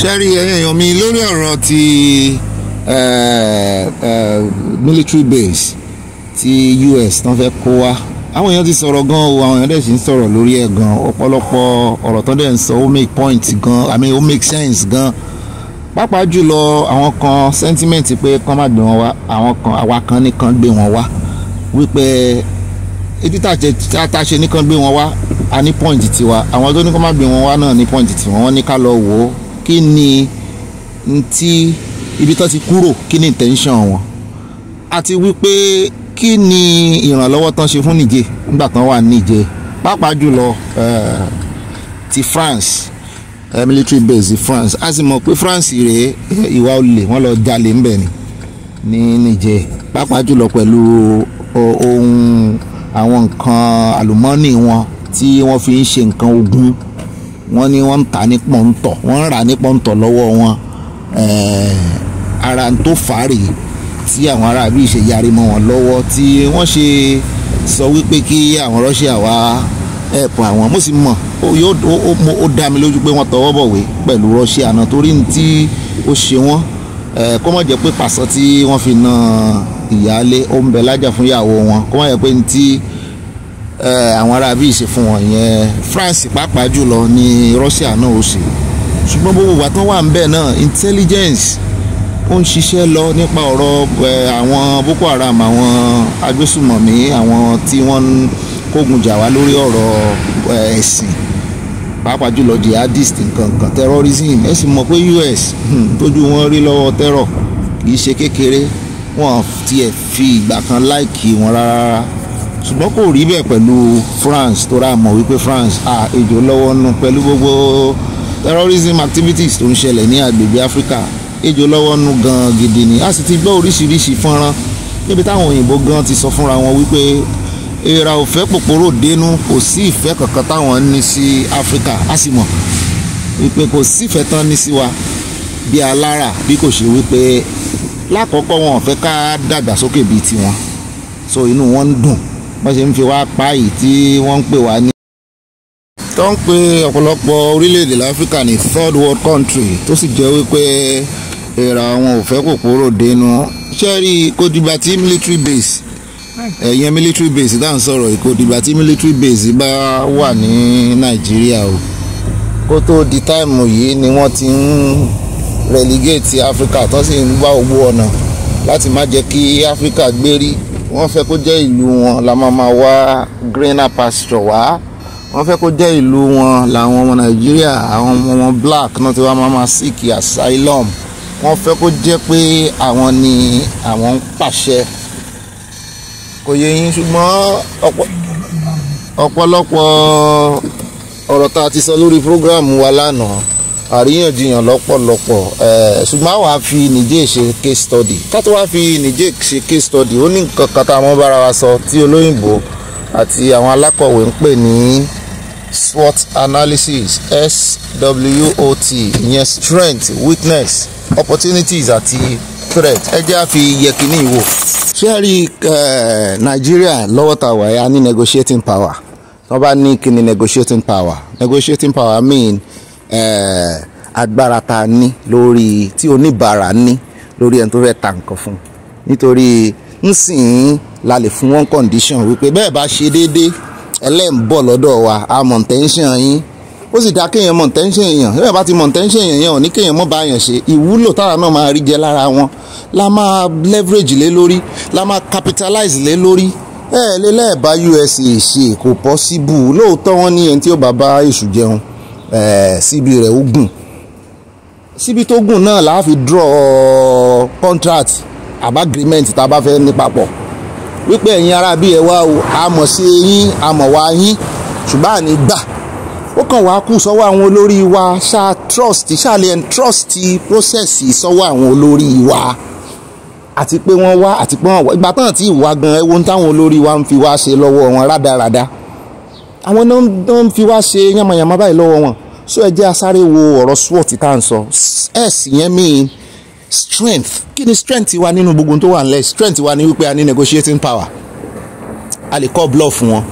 ṣẹ́rí èèyàn mi lórí ọ̀rọ̀ ti military base ti US tán fẹ́ kó wá àwọn èèyàn ti sọ̀rọ̀ gan o àwọn èèyàn dẹ̀ sì ń sọ̀rọ̀ lórí ẹ̀ gan ọ̀pọ̀lọpọ̀ ọ̀rọ̀ tán dẹ̀ ń sọ ó make point gan I mean ó make sense gan pàápàá jùlọ àwọn kan sentiment pé kán má gbé wọn wá àwọn kan àwa kan nìkan gbé wọn wá wípé etí tá a ṣe nìkan gbé wọn wá a ní point tiwa àwọn tó ní kán má gbé wọn wá náà ní point tiwọn wọn ní ká lọ wò ó kí ni ntí ibi tó ti kúrò kí ni intention wọn àti wípé kí ni ìrànlọ́wọ́ tán ṣe fún Niger nígbà tán wà Niger pàápàá jùlọ eh, ti France uh, military base ti France a sì mọ̀ pé France rèé ìwà olè wọ́n lọ jalè ńbẹ̀ ni ní Niger pàápàá jùlọ pẹ̀lú ohun àwọn nǹkan àlùmọ́ọ́nì wọn tí wọ́n fi ń ṣe nǹkan ogun wọ́n ní wọ́n ń ta ní pọ́ńtọ̀ wọ́n ń rà ní pọ́ńtọ̀ lọ́wọ́ wọn eh, ara tó fà á rèé tí àwọn ará ṣe yarí mọ́ wọn lọ́wọ́ tí wọ́n ṣe sọ wípé kí àwọn Russia wá ẹ̀pọ̀ àwọn mo sì mọ̀ ó dá mi lójú pé wọ́n tọwọ́ bọ̀wé pẹ̀lú Russia náà torí ní tí ó ṣe wọ́n eh, kó má jẹ́ pé pàṣọ tí wọ́n fi na ìyáálé ó ń bẹ lájà fún ìyàwó wọn kó má jẹ́ pé ní tí àwọn ará bíi ṣe fún wọn yẹn France pàápàá jùlọ ní Russia náà ó ṣe ṣùgbọ́n gbogbo wa tán wà ń bẹ̀ náà intelligence ó ń ṣiṣẹ́ lọ nípa ọ̀rọ̀ àwọn Boko Haram àwọn agbésùmọ̀mí àwọn tí wọ́n ń kógun jà wá lórí ọ̀rọ̀ ẹ̀sìn pàápàá jùlọ jihadist nkankan terrorism ẹ sì mọ̀ pé US hmm, tójú wọn rí lọ́wọ́ terror kì í ṣe kékeré wọn tiẹ̀ fi ìgbà kan láìkì wọn rárá ṣùgbọ́n kò rí bẹ́ẹ̀ pẹ̀lú France tó rà mọ̀ wípé France à èjò lọ́wọ́ nù pẹ̀lú gbogbo terrorism activities tó ń ṣẹlẹ̀ ní agbègbè Africa èjò lọ́wọ́ nù gan gidi ni a sì ti gbọ́ oríṣiríṣi fọ́nrán níbi táwọn òyìnbó gan ti sọ fúnra wọn wípé èèrà ò fẹ́ pòpòrò dénú kò sí ìfẹ́ kankan táwọn ní sí Africa a sì mọ̀ wípé kò sífẹ̀ẹ́ tán ní sí wa bí alára bí kò ṣe wípé lákọ̀ọ́kọ́ wọn ò fẹ́ ká dàgbàsókè bíi tiwọn so inú wọn ń dùn wọ́n ṣe ń fi wá pa yìí tí wọ́n ń pè wá ní. tó ń pe ọ̀pọ̀lọpọ̀ orílẹ̀-èdè láfíríkà ní third world country tó sì jẹ́ wípé èrò àwọn ò fẹ́ kòkòrò dénú ṣé rí i tí military base ẹ̀yẹn military base dáhùn sọ̀rọ̀ kò tí military base bá wà ní nàìjíríà o kó tó di táìmù yìí ni wọ́n ti ń relegate africa tó sì ń wá owó ọ̀nà láti má jẹ́ kí africa gbérí wọ́n fẹ́ kó jẹ́ ìlú wọn la máa ma wá greener pasture wá wọ́n fẹ́ kó jẹ́ ìlú wọn làwọn ọmọ nàìjíríà àwọn ọmọ black náà ti wá máa ma seek asylum wọ́n fẹ́ kó jẹ́ pé àwọn ni àwọn ń pàṣẹ kò yẹ yín ṣùgbọ́n ọ̀pọ̀lọpọ̀ ọ̀rọ̀ tá ti sọ lórí program wa lánàá àríyànjiyàn lọ́pọ̀lọpọ̀ ṣùgbọ́n àwa fi nìjẹ́ ṣe case study ká tó wá fi nìjẹ́ ṣe case study ó ní nǹkan kan tá a mọ́ bára wa sọ tí olóyìnbó àti àwọn alákọ̀wé ń pè ní SWOT analysis SWOT ìyẹn strength weakness opportunities àti threat ẹ jẹ́ àfi yẹkìnní ìwò. ṣé ẹ rí nàìjíríà lọ́wọ́ tá a wà ya ní negotiating power tí wọ́n bá ní kí ni negotiating power negotiating power mean Eh, agbára tá a ní lórí tí oníbàárà ní lórí ẹni tó fẹ́ ta nǹkan fún nítorí nsìn la lè fún one condition wípé bẹ́ẹ̀ bá ṣe déédéé ẹlẹ́ǹbọ̀ lọ́dọ̀ wa a mọ̀ tẹ́ńṣìn yín ó sì dá kéèyàn mọ̀ tẹ́ńṣìn èèyàn bẹ́ẹ̀ bá ti mọ̀ tẹ́ńṣìn èèyàn yẹn ò ní kéèyàn mọ̀ bá yàn ṣe ìwúlò tára náà máa rí jẹ lára wọn la máa leverage lé lórí la máa capitalize lé lórí ẹ̀ẹ́dẹ́lẹ́ẹ̀bá USA ṣe kò possible lóòótọ́ wọn ní ẹni tí ó bá èṣù jẹun Eh, síbi rẹ̀ ó gùn síbi tó gùn náà la fi draw contract àbá agreement tá a bá fẹ́ ní papọ̀ wípé ẹ̀yin ará bíi ẹ wá o àmọ̀ sí yín àmọ̀ wá yín ṣùgbọ́n àní gbà ó kàn wá kú sọ́wọ́ àwọn olórí wa ṣá trust ṣàlẹ̀ trust process sọ́wọ́ àwọn olórí wa àti pé wọ́n wá àti pé wọ́n wá ìgbà tán tí ìwà gan ẹwọ́n táwọn olórí wa ń fi wá ṣe lọ́wọ́ wọn rádaràda àwọn náà ń fi wá ṣe yànmọ̀yànmọ́ báyìí lọ́wọ́ wọn so ẹ jẹ́ asáré wo ọ̀rọ̀ SWOT tá à ń sọ s yẹn mean strength kí ni strength wa nínú gbogbo tó wà nílẹ̀ strength wa ni wípé a ní negotiating power a lè kọ́ bluff fún wọn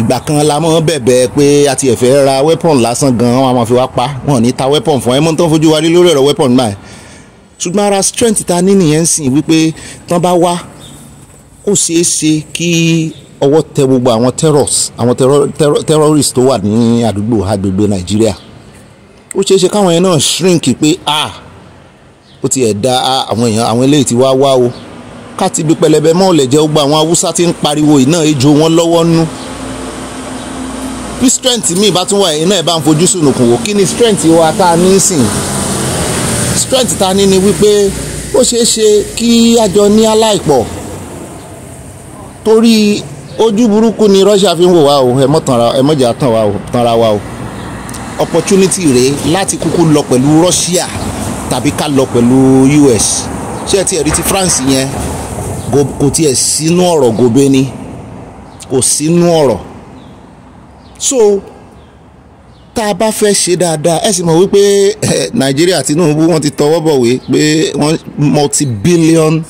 ìgbà kan la mọ́ bẹ̀bẹ̀ pé a ti ẹ̀fẹ́ ra weapon lásán gan wọn a máa fi wá pa wọn ò ní ta weapon fún ẹ mọ́ tó fojú wa rí lórí ọ̀rọ̀ weapon náà ṣùgbọ́n ara strength ta ní nìyẹn ń sìn wípé tán bá wá ó ṣeé ṣe kí ọwọ́ tẹ gbogbo àwọn terrors àwọn terrorist tó wà ní àdúgbò agbègbè nàìjíríà ó ṣeé ṣe káwọn yẹn náà shrink pé a ó tiẹ̀ da àwọn èèyàn àwọn eléyìí ti wá wá o ká ti bi pẹlẹbẹ mọ́ ọ̀lẹ̀ jẹ́ gbogbo àwọn haúsá ti ń pariwo iná ejò wọn lọ́wọ́ nú bí strength mi bá tún wà ẹ̀yin náà ẹ̀ bá ń fojú sunùkùn wò kí ni strength wa tá a ní sìn strength ta ní ni wípé ó ṣeé ṣe kí àjọ ní aláìpọ̀ torí ojú burúkú ni Russia fi ń wò wá o ẹ mọ̀ tanra ẹ mọ̀ jà tanra wa o opportunity rèé láti kúkú lọ pẹ̀lú Russia tàbí ká lọ pẹ̀lú US ṣé ẹ ti ẹ̀rí ti France yẹn kò tiẹ̀ sínú ọ̀rọ̀ gobe ni kò sínú ọ̀rọ̀ so tá a bá fẹ́ ṣe dáadáa ẹ sì mọ̀ wípé eh, Nàìjíríà Tinubu wọ́n ti tọwọ́ bọ̀wé pé wọ́n multi billion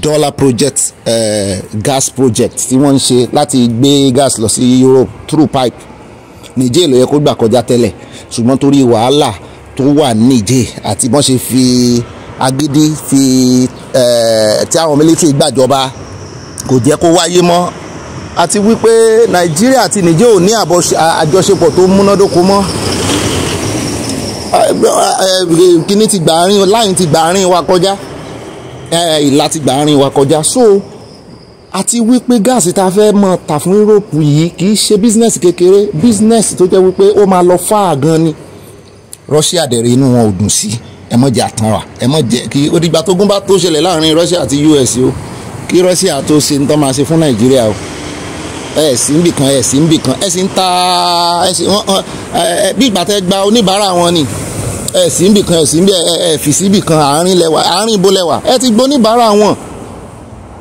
dollar project uh, gas project tí wọ́n ń ṣe láti gbé gas lọ sí Europe through pipe Niger ló yẹ kó gbà kọjá tẹ́lẹ̀ ṣùgbọ́n torí wàhálà tó wà Niger àti bọ́n ṣe fi agídí fi eh, tí àwọn military gbàjọba kò jẹ́ kó wáyé mọ́ àti wípé Nàìjíríà àti Niger ò ní àjọṣepọ̀ tó múnádóko mọ́ eh, kíní ti gbà rin láyìn ti gbà rin wa kọjá láti gbà àárín wa kọjá so àti wípé gáàsì tá a fẹ́ mọ̀ tà fún Europe yìí kì í ṣe bísínẹ́sì kékeré bísínẹ́sì tó jẹ́ wípé ó máa lọ fáà gan ni Russia dẹ̀rẹ̀ inú wọn ò dùn sí ẹ mọ̀ jẹ́ àtàn wa ẹ mọ̀ jẹ́ kí odigba tógun bá tó ṣẹlẹ̀ láàrin Russia àti US o kí Russia tó ṣe ń tọ́ máa ṣe fún Nàìjíríà o ẹ sì ń bìkan ẹ sì ń bìkan ẹ sì ń ta ẹ sì ń bí ìgbà tẹ gba oníbàárà wọn ni ẹ sì kan ẹ sì ń bì ẹ kan àárín lẹwà àárín ibo lẹwà ẹ ti gbóníbàárà wọn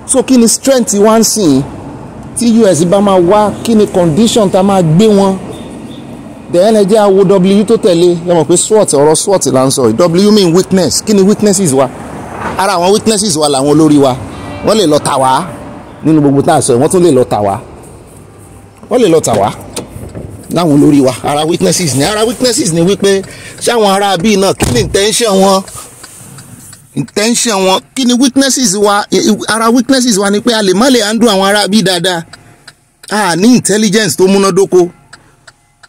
so kí ni strength wa ń sìn tí US bá máa wá kí ni condition tá a máa gbé wọn then ẹ jẹ́ àwo w tó tẹ̀lé ẹ mọ̀ pé SWOT ọ̀rọ̀ SWOT là ń sọ w mean weakness kí ni weaknesses wa ara àwọn weaknesses wa làwọn olórí wa wọ́n lè lọ tà wá nínú gbogbo tá a sọ yìí wọ́n tún lè lọ tà wá wọ́n lè lọ tà wá láwọn olórí wa ara witnesses, ni ara witnesses, ni wípé ṣáwọn ará bíi náà kí ni intention wọn intention wọn kí ni weaknesses wa ara witnesses wa ni pé a lè má lè handle àwọn ará bíi dáadáa a ní intelligence tó múnádóko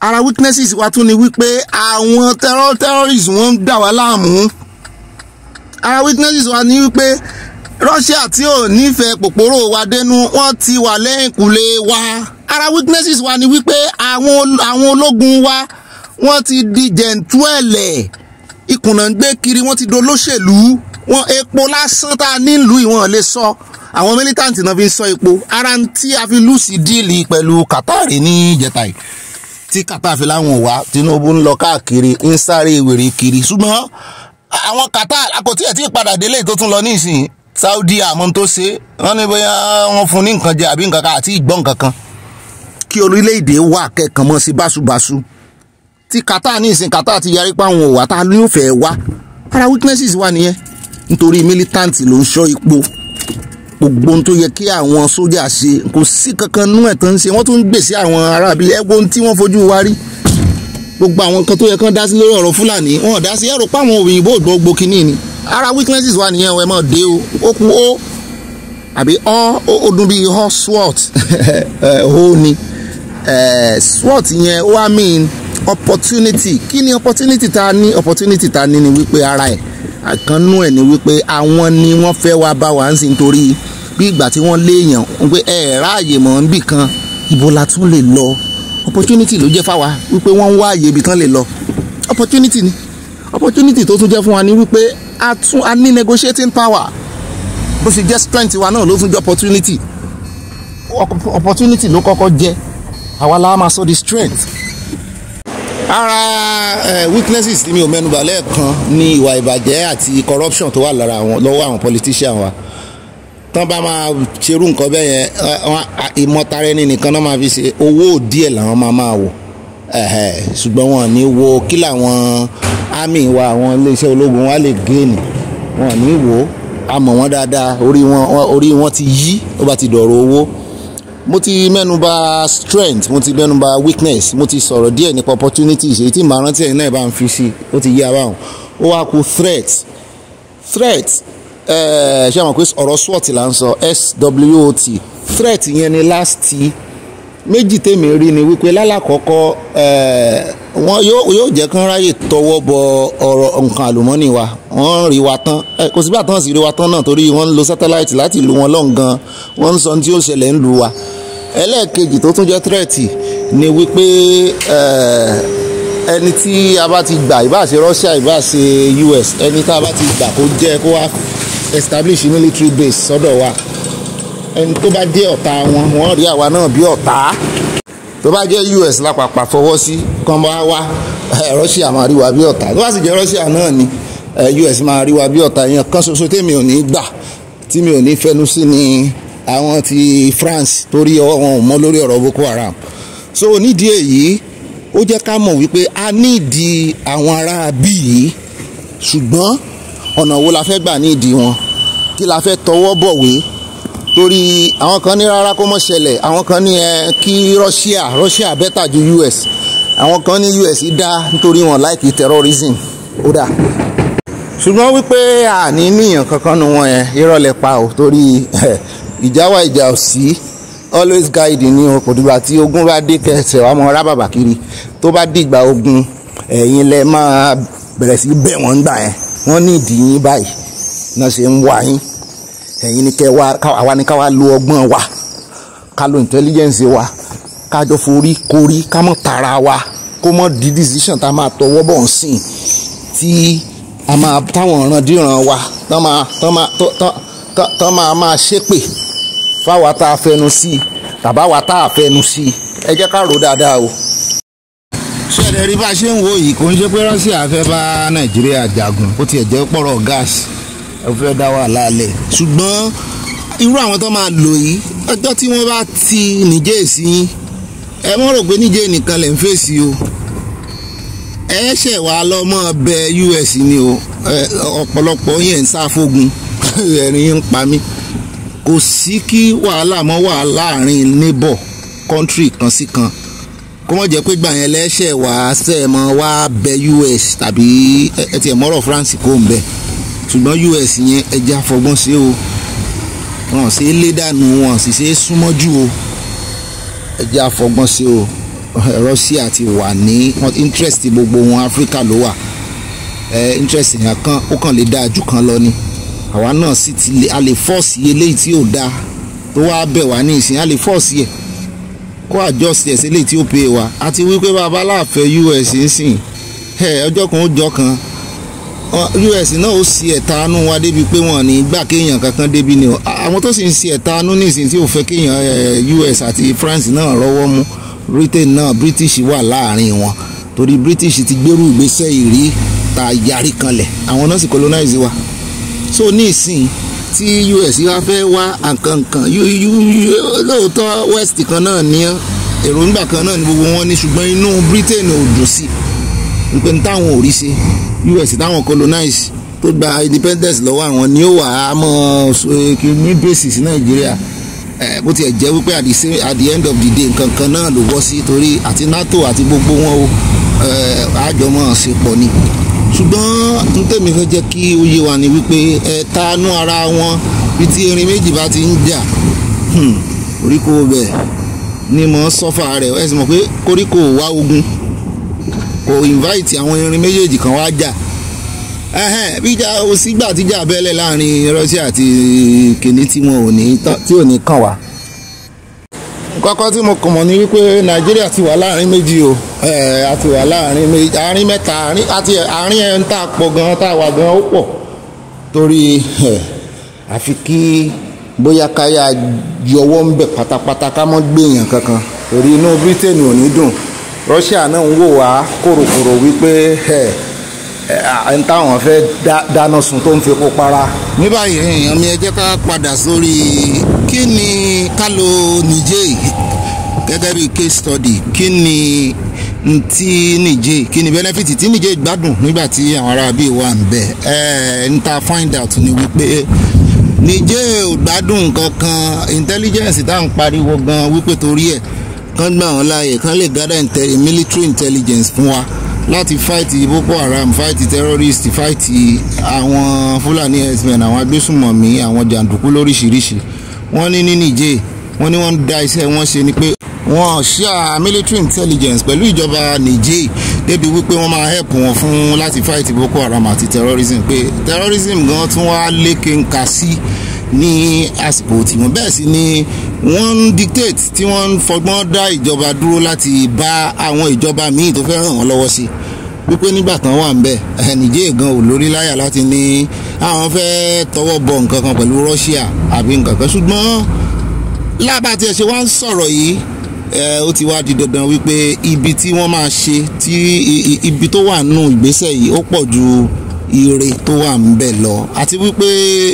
ara witnesses wa tún ni wípé àwọn terror terrorists wọn ń dà wá láàmú ara witnesses wa ni wípé Russia tí ò nífẹ̀ẹ́ pòpòrò wa dénú wọ́n ti wà lẹ́yìnkùlé wa ara weaknesses wa ni wípé àwọn àwọn ológun wa wọ́n ti di jẹ̀ǹtúẹ̀lẹ̀ ìkùnà ń gbé kiri wọ́n ti dolóṣèlú wọn epo lásán tá a nílùú ìwọ̀n lè sọ àwọn militant náà fi ń sọ epo ara ń tí a fi lùsì díìlì pẹ̀lú Qatar ní ìjẹta yìí tí Qatar fi láwọn wá Tinubu ń lọ káàkiri ń sáré wèrè kiri ṣùgbọ́n àwọn Qatar àkótí ẹ̀ tí ìpadà délé tó tún lọ ní ìsìn Saudi àmọ́ tó ṣe wọ́n ní bóyá wọ́n fún ní nǹkan jẹ àbí nǹkan kan àti ìgbọ́n nǹkan kan kí orílẹ̀-èdè wà kẹ́kàn mọ́ sí báṣubàṣu tí Qatar ní ìsìn Qatar ti yarí pa àwọn òwà tá a lóyún fẹ́ wá ara weaknesses wà nìyẹn nítorí militant ló ń ṣọ́ ipò gbogbo ohun tó yẹ kí àwọn sójà ṣe kò sí kankan nú ẹ̀ tó ń ṣe wọ́n tún ń gbèsè àwọn aráàbí ẹgbẹ́ ohun tí wọ́n fojú wa rí gbogbo àwọn nǹkan tó yẹ kán dá sí lórí ọ̀rọ̀ Fúlàní wọn ò dá sí ẹ̀rọ páwọn òyìnbó gbogbo kínní ni ara weaknesses wà nìyẹn ẹ mọ̀ dé o ó kú ó àbí ọ́ ó dún bíi hot swat ó ní. Eh, SWOT yẹn ó wá mean opportunity kí ni opportunity ta ní opportunity ta ní ni wípé ara ẹ̀ àkànnú ẹ̀ ni wípé àwọn ni wọ́n fẹ́ wá bá wa ń sìn torí bí ìgbà tí wọ́n léèyàn wípé ẹ ráàyè mọ̀ ń bì kan ibo la tún lè lọ opportunity ló jẹ́ fáwa wípé wọ́n ń wá àyè ibì kan lè lọ opportunity ni opportunity tó tún jẹ́ fún wa ni wípé a tún a ní negotiating power bó ṣe jẹ́ strength wa náà ló tún jẹ́ opportunity opportunity ló kọ́kọ́ jẹ́ àwa la máa sọ di strength. ara uh, weaknesses tí mi ò mẹ́nubà lẹ́ẹ̀kan ni ìwà ìbàjẹ́ àti corruption tó wà lára àwọn lọ́wọ́ àwọn politician wa tán bá máa ṣerú nǹkan bẹ́ẹ̀ yẹn ìmọ̀tara ẹni nìkan náà máa fi ṣe owó díẹ̀ làwọn máa máa wò ṣùgbọ́n wọn ní wo kí làwọn army wa àwọn iléeṣẹ́ ológun wa lè gẹ́ẹ̀nì wọn ní wo àmọ̀ wọn dáadáa orí wọn ti yí ó bá ti dọ̀rọ̀ owó mo ti mẹ́nuba strength mo ti mẹ́nuba weakness mo ti sọ̀rọ̀ díẹ̀ nípa opportunities èyí tí màá rántí ẹ̀yin náà bá ń fi sí ó ti yé abáhùn ó wá kù threat threat eh, ṣé àwọn pé ọ̀rọ̀ SWOT là ń sọ SWOT threat yẹn ni last méjì tèmi rí ni wípé lálàkọ́kọ́ wọn yóò jẹ́ kán ráyè tọwọ́ bọ ọ̀rọ̀ nǹkan àlùmọ́nì wa wọ́n rí wa tán kò sígbà tán sì rí wa tán náà torí wọ́n ń lo sátáláìtì láti lu wọn lọ́n gan wọ́n ń sọ tí ó ṣẹlẹ̀ ń lu wa ẹlẹ́ẹ̀kejì tó tún jẹ́ tírẹ̀tì ni wípé ẹni tí a bá ti gbà ìbá ṣe Russia ìbá ṣe US ẹni tá a bá ti gbà kó jẹ́ kó wá establish military base sọ́dọ̀ wa. So ẹni tó bá jẹ́ ọ̀tá wọn wọ́n rí àwa náà bí ọ̀tá tó bá jẹ́ US lápapà fọwọ́ sí kán bá wá Russia máa rí wa bí ọ̀tá tó bá sì jẹ́ Russia náà ni US máa rí wa bí ọ̀tá yẹn kan ṣoṣo tèmi ò ní gbà tí ò ní fẹnu sí ni àwọn ti France torí ọwọ́ wọn ò mọ lórí ọ̀rọ̀ Boko Haram so nídìí èyí ó jẹ́ ká mọ̀ wípé a nídìí àwọn ará bí yìí ṣùgbọ́n ọ̀nà wo la fẹ́ gbà nídìí wọn kí la fẹ́ tọwọ́ bọ̀wé torí àwọn kan ní rárá kó mọ̀ ṣẹlẹ̀ àwọn kan ní ẹ kí Russia Russia better ju US àwọn kan ní US dá nítorí wọn láìkí terrorism ó dà ṣùgbọ́n wípé àní níyàn kankan nu wọn yẹn irọ́ pa ò torí ìjáwá ìjà ò always guide ni o kò dìgbà tí ogun bá dé kẹsẹ̀ wàá mọ rábàbà kiri tó bá dìgbà ogun ẹ̀yin lẹ máa bẹ̀rẹ̀ sí bẹ̀ wọ́n gbà yẹn wọ́n ní ìdí yín báyìí náà ṣe ń wá yín ẹ̀yin ni kẹ́ wá àwa ni ká wá lo ọgbọ́n wa ká lo intelligence wa ká jọ forí korí ká mọ̀ tara wa kó mọ̀ di decision tá a máa tọwọ́ bọ̀ ń sìn tí a máa táwọn ọ̀ràn díran wa tán máa tán máa tán máa máa ṣépè fáwa tá a fẹnu sí i tàbáwa tá a fẹnu sí i ẹ jẹ́ ká rò dáadáa o ṣẹlẹ̀ rí bá a ṣe ń wo yìí kò ń ṣe pé Russia fẹ́ bá Nàìjíríà jagun ó tiẹ̀ jẹ́ pọ̀rọ̀ gáàsì ẹ fẹ́ dá wà lálẹ́ ṣùgbọ́n irú àwọn tó máa lò yìí ọjọ́ tí wọ́n bá ti nìjẹ́ èsì yín ẹ mọ̀ rò pé nìjẹ́ nìkan lẹ̀ ń fèsì o ẹ ṣẹ̀ wá lọ mọ́ bẹ US ni o ọ̀pọ̀lọpọ̀ yẹn ń sáfogun ẹ̀rín ń pa mí kò sí kí wàhálà mọ́ wà láàrin neighbor country kan sí kan kó mọ̀ jẹ́ pé gbà yẹn lẹ́sẹ̀ wá sẹ́ẹ̀ mọ́ wá bẹ US tàbí ẹ tiẹ̀ mọ́rọ̀ France kò ń bẹ́ẹ̀ ṣùgbọ́n US yẹn ẹja fọgbọ́n ṣe o wọn ṣe é lé dànù wọn sì ṣe é súnmọ́ jù o ẹja fọgbọ́n ṣe o Russia ti wà ní interest gbogbo wọn Africa ló wà interest yẹn kan ó kàn lè dáa jù kan lọ ni àwa náà sì ti a lè fọ́ọ̀sì eléyìí tí ò dáa tó wáá bẹ̀ wá ní ìsìn a lè fọ́ọ̀sì ẹ̀ kó àjọsí ẹ̀ sí eléyìí tí ó pè wá àti wípé bàbá US ń sìn ọjọ́ kan ó jọ kan us náà ó sì ẹ̀tanú wa débi pé wọ́n ní gbà kéèyàn kankan débi ni àwọn tó sì ń ṣe ẹ̀tanú nísìnyí tí ò fẹ́ kéèyàn eh, us àti france náà rọ́wọ́ mú britain náà british wà láàrin wọn torí british ti gbérú ìgbésẹ̀ ìrí ta yarí kanlẹ̀ àwọn náà sì colonize wa so ní ìsìn tí us wá fẹ́ wá àǹkankan lóòótọ́ west kan náà ní èròǹgbà kan náà ni gbogbo wọn ní ṣùgbọ́n inú britain ò dùn sí i wípé táwọn ò rí ṣe US táwọn colonize tó gba independence lọ́wọ́ àwọn ni ó wà á mọ́ ní bèsì sí Nàìjíríà bó tiẹ̀ jẹ́ wípé at the end of the day nǹkan kan náà ló wọ́ sí torí àti NATO àti gbogbo wọn o àjọmọ̀ ṣe pọ̀ ni ṣùgbọ́n n tèmi fẹ́ jẹ́ kí ó yé wa ni wípé ẹ tanú ara wọn bí tí erin méjì bá ti ń jà hmm, koríko bẹ́ẹ̀ ni mo ń sọ́fà rẹ̀ ẹ sì mọ̀ pé koríko ò ogun kò invite àwọn irin méjèèjì kan wá jà bíjà ò sígbà tíjà abẹ́lẹ̀ láàrin Russia àti kìnní tí wọn ò ní tí ò ní kàn wá. kọ́kọ́ tí mo kàn mọ̀ ni wípé Nàìjíríà ti wà láàrin méjì o a ti wà láàrin méjì àárín mẹ́ta àti àárín ẹ̀ ń tà pọ̀ gan tá a wà gan ó pọ̀ torí àfi kí bóyá káyà yọwọ́ ń bẹ̀ pátápátá ká mọ́ gbé èèyàn kankan torí inú Britain ò ní dùn. Russia náà ń wò wá kòròkòrò wípé ẹ̀ ń táwọn fẹ́ dáná sun tó ń fi kó para. ní báyìí èèyàn mi ẹ jẹ́ ká padà sórí kí ni ká lo Niger gẹ́gẹ́ bí case study kí ni ti Niger kí ni benefit tí Niger gbádùn nígbà tí àwọn ará bíi wà ń bẹ ẹ ń ta find out ni wípé Niger ò gbádùn kankan intelligence tá à ń pariwo gan wípé torí ẹ̀ kán gbà wọ́n láàyè kán lè gather military intelligence fún wa láti fáìtì boko haram fáìtì terrorist fáìtì àwọn fúlàní herdsmen àwọn agbésùmọ̀mí àwọn jàǹdùkú lóríṣìíríṣìí wọ́n ní ní nìjẹ́ wọ́n ní wọ́n da iṣẹ́ wọn ṣe ni pé wọ́n ṣá military intelligence pẹ̀lú ìjọba nìjẹ́ débi wípé wọ́n máa help wọn fún láti fáìtì boko haram àti terrorism pé terrorism gan tún wá lékè sí. Si ní àsìkò tiwọn bẹ́ẹ̀ sì ni wọ́n ń dictate tí wọ́n ń fọgbọ́n dá ìjọba dúró láti bá àwọn ìjọba míì tó fẹ́ ràn wọ́n lọ́wọ́ sí wípé nígbà kan wà ń bẹ nìjẹ́ gan ò lórí láyà láti ní àwọn fẹ́ tọwọ́ bọ nǹkan kan pẹ̀lú Russia àbí nǹkan kan ṣùgbọ́n lábà tí ẹ ṣe wá ń sọ̀rọ̀ yìí ó ti wá di dandan wípé ibi tí wọ́n máa ṣe tí ibi tó wà nù ìgbésẹ̀ yìí ó pọ̀ ju ire tó wà ń bẹ̀ lọ àti wípé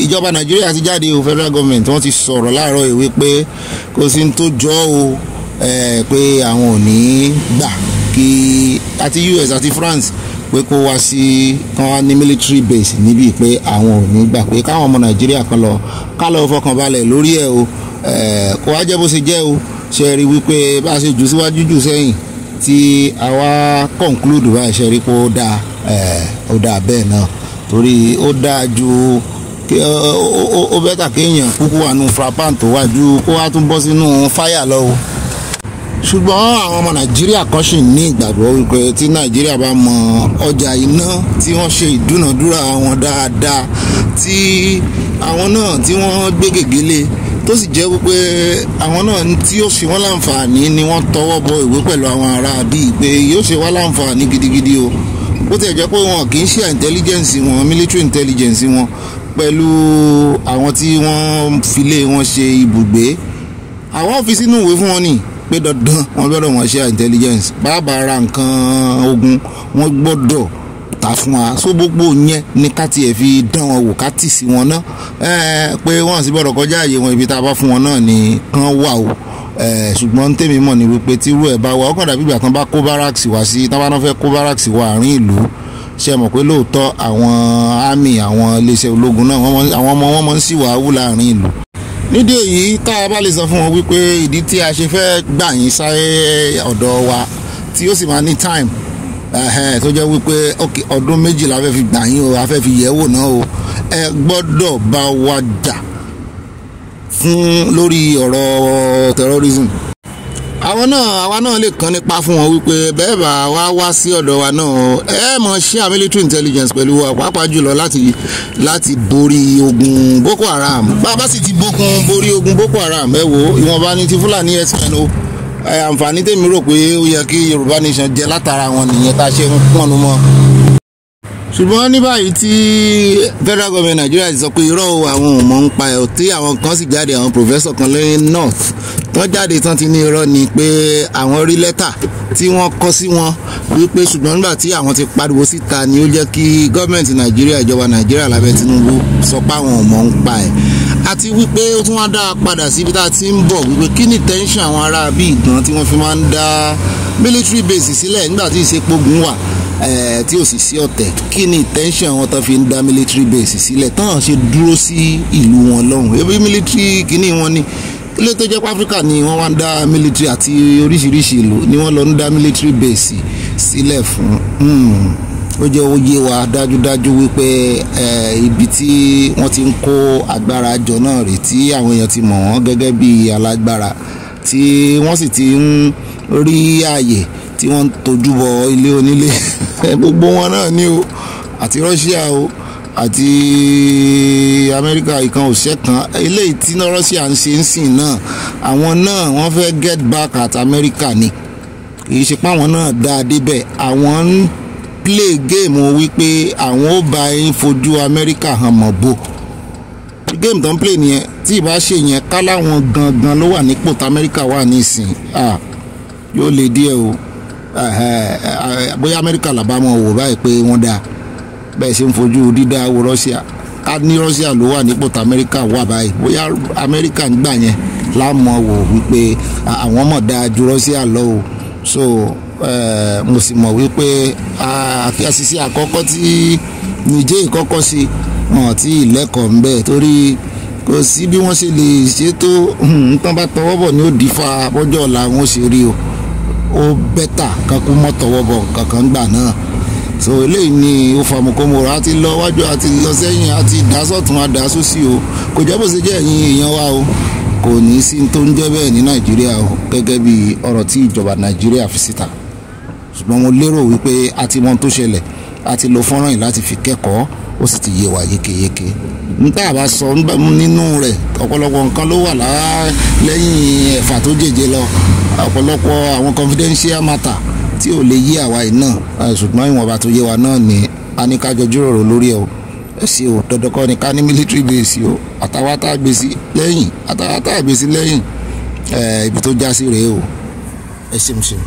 ìjọba nàìjíríà ti jáde o federal government wọ́n ti sọ̀rọ̀ láàárọ̀ yìí wípé kò sí ní tó jọ o pé àwọn ò ní gbà kí àti US àti France pé kó wá sí kán wá ní military base níbi pé àwọn ò ní gbà pé káwọn ọmọ nàìjíríà kan lọ ká lọ fọkànbalẹ̀ lórí ẹ̀ o kó wá jẹ́ bó ṣe jẹ́ o ṣe rí wípé bá a ṣe jù síwájú jù sẹ́yìn tí àwa conclude bá a ṣe rí pé ó dáa ó dáa bẹ́ẹ̀ náà torí ó dáa ju ó bẹ́tà kéèyàn kúkú wà nù frapan tó wà ju kó wá tún bọ́ sínú fáyà lọ o ṣùgbọ́n àwọn ọmọ nàìjíríà kan ṣì ní ìgbàgbọ́ wípé tí nàìjíríà bá mọ ọjà iná tí wọ́n ṣe ìdúnàdúrà wọn dáadáa tí àwọn náà tí wọ́n gbé gègé lé tó sì jẹ́ wípé àwọn náà tí ó ṣe wọ́n láǹfààní ni wọ́n tọwọ́ bọ ìwé pẹ̀lú àwọn ará bíi pé yóò ṣe wá láǹfààní gidigidi o bó ti jẹ́ pé wọn kì í ṣe intelligence wọn military intelligence wọn pẹ̀lú àwọn tí wọ́n filé wọn ṣe ibùgbé àwọn fi sínú ìwé fún wọn ni pé dandan wọn gbọ́dọ̀ wọn ṣe intelligence bàbá ra nǹkan ogun wọn gbọ́dọ̀ ta fún wa so gbogbo yẹn ni ká tiẹ̀ fi dán wọn wò ká tì sí wọn náà pé wọn sì gbọ́dọ̀ kọjá àyè wọn ibi tá a bá fún wọn náà ni kán wà o. Eh, ṣùgbọ́n tèmi mọ̀ ni wípé tírú ẹ̀ bá wà ó padà bígbà tán bá kó barracks wá sí tán bá náà fẹ́ kó barracks wá àárín ìlú ṣe mọ̀ pé lóòótọ́ àwọn army àwọn iléeṣẹ́ ológun náà àwọn ọmọ wọn mọ̀ ń ṣìwà awú láàárín ìlú nídìí èyí tá a bá lè sọ fún wọn wípé ìdí tí a ṣe fẹ́ gbà yín sáré ọ̀dọ̀ wa tí ó sì máa ní time tó jẹ́ wípé ọdún méjìlá fẹ́ fi gbà yín o a fẹ́ fi yẹ̀ wò náà o ẹ gbọ́dọ̀ bá wa jà fún lórí ọ̀rọ̀ terrorism àwọn náà àwa náà lè kan nípa fún wọn wípé bẹ́ẹ̀ bá wá wá sí ọ̀dọ̀ wa náà ẹ mọ̀ share military intelligence pẹ̀lú wa pàápàá jùlọ láti láti borí ogun Boko Haram bá a bá sì ti bókun borí ogun Boko Haram ẹ wo ìwọ̀nba ni ti Fúlàní xn o àǹfààní tèmi rò pé ó yẹ kí Yorùbá nation jẹ látara wọn nìyẹn tá a ṣe ń pọnnu mọ́ ṣùgbọ́n ní báyìí tí federal government Nigeria ti sọ pé irọ́ àwọn ò mọ̀ ń pa ẹ̀ tí àwọn kan sì jáde àwọn professor kan lẹ́yìn north tán jáde tán ti ní irọ́ ni pé àwọn rí lẹ́tà tí wọ́n kọ sí wọn wípé ṣùgbọ́n nígbà tí àwọn ti pariwo síta ni ó jẹ́ kí gọ́ọ̀mẹ̀ntì Nàìjíríà ìjọba Nàìjíríà lábẹ́ Tinubu sọ pé àwọn ò mọ̀ ń pa ẹ̀ àti wípé ó tún wá dá a padà síbi tá a ti ń bọ̀ wípé kí ni tẹ́ńṣọ̀n àwọn ará bíi gan tí wọ́n fi máa ń dá military base sílẹ̀ nígbà tí ìsepogun wà tí ò sì sí ọ̀tẹ̀ kí ni intention wọn tó fi ń dá military base sílẹ̀ táwọn ṣe dúró sí ìlú wọn lọ́hùn ebi military kìíní wọn ni ilé tó jẹ́ pé Áfíríkà ni wọ́n wá ń dá military àti oríṣiríṣi ìlú ni wọ́n lọ ń dá military base sílẹ̀ fún hmm, ó jẹ́ oyé wa dájúdájú wípé ibi tí wọ́n ti ń kó agbára jọ náà rè tí àwọn èèyàn ti mọ̀ wọ́n gẹ́gẹ́ bí alágbára tí wọ́n sì ti ń rí ààyè tí wọ́n ń tọ́jú bọ ilé onílé gbogbo wọn náà ni o àti Russia o àti Amẹ́ríkà ìkan òṣẹ́ kan eléyìí tí Russia ń ṣe ń sìn náà àwọn náà wọ́n fẹ́ get back at America ni kì í ṣe pé àwọn náà dá a débẹ̀ àwọn ń play game wípé àwọn ó bá yín fojú Amẹ́ríkà hàn mọ́ bò game tó ń play nìyẹn tí ìbá ṣe yẹn ká láwọn gangan ló wà nípò tí Amẹ́ríkà wà nísìnyí yóò lè díẹ̀ o bóyá amẹ́ríkà làbá mọ̀ wò báyìí pé wọ́n dáa bẹ́ẹ̀ ṣe ń fojú dídá wo russia ká ní russia ló wà nípò tá amẹ́ríkà wà báyìí bóyá amẹ́ríkà ń gbà yẹn láàmú wò wípé àwọn mọ̀ dáa ju russia lọ o so mo sì mọ̀ wípé àṣìṣe àkọ́kọ́ tí nìjẹ́ ìkọ́kọ́ sí wọn ti ìlẹ́kọ̀ọ́ ń bẹ̀ torí kò sí bí wọ́n ṣe lè ṣètò nǹkan bá tọwọ́ bọ̀ ní òdìfà bọ́jọ́ ọ̀la wọn ó ṣe rí o. ó bẹ́tà kakú mọ́tọ̀wọ́ kankan gbà náà so eléyìí ni ó fa mokomoro ti lọ wájú àti lọ sẹ́yìn àti o kò jẹ́ bó ṣe jẹ́ ẹ̀yin èèyàn wa o kò ní sí tó ń jẹ́ bẹ́ẹ̀ ní nàìjíríà o gẹ́gẹ́ bí ọ̀rọ̀ tí ìjọba nàìjíríà fi síta ṣùgbọ́n mo lérò wípé a ti mọ tó a ti lo fọ́nrán yìí láti fi kẹ́kọ̀ọ́ ó sì ti yé wa yékéyéké nígbà bá sọ nínú rẹ̀ ọ̀pọ̀lọpọ̀ nǹkan ló wà lẹ́yìn ẹ̀fà tó ọ̀pọ̀lọpọ̀ àwọn confidential matter tí ò lè yé àwa yìí náà ṣùgbọ́n ìwọ̀nba tó yé wa náà ni a ní ká jọ jíròrò lórí ẹ̀ o ẹ ṣe o dandan kọ́ ni ká ní military base o àtàwọn tá a gbé sí lẹ́yìn àtàwọn tá a gbé sí lẹ́yìn ibi tó já sí rèé o ẹ ṣeun ṣeun.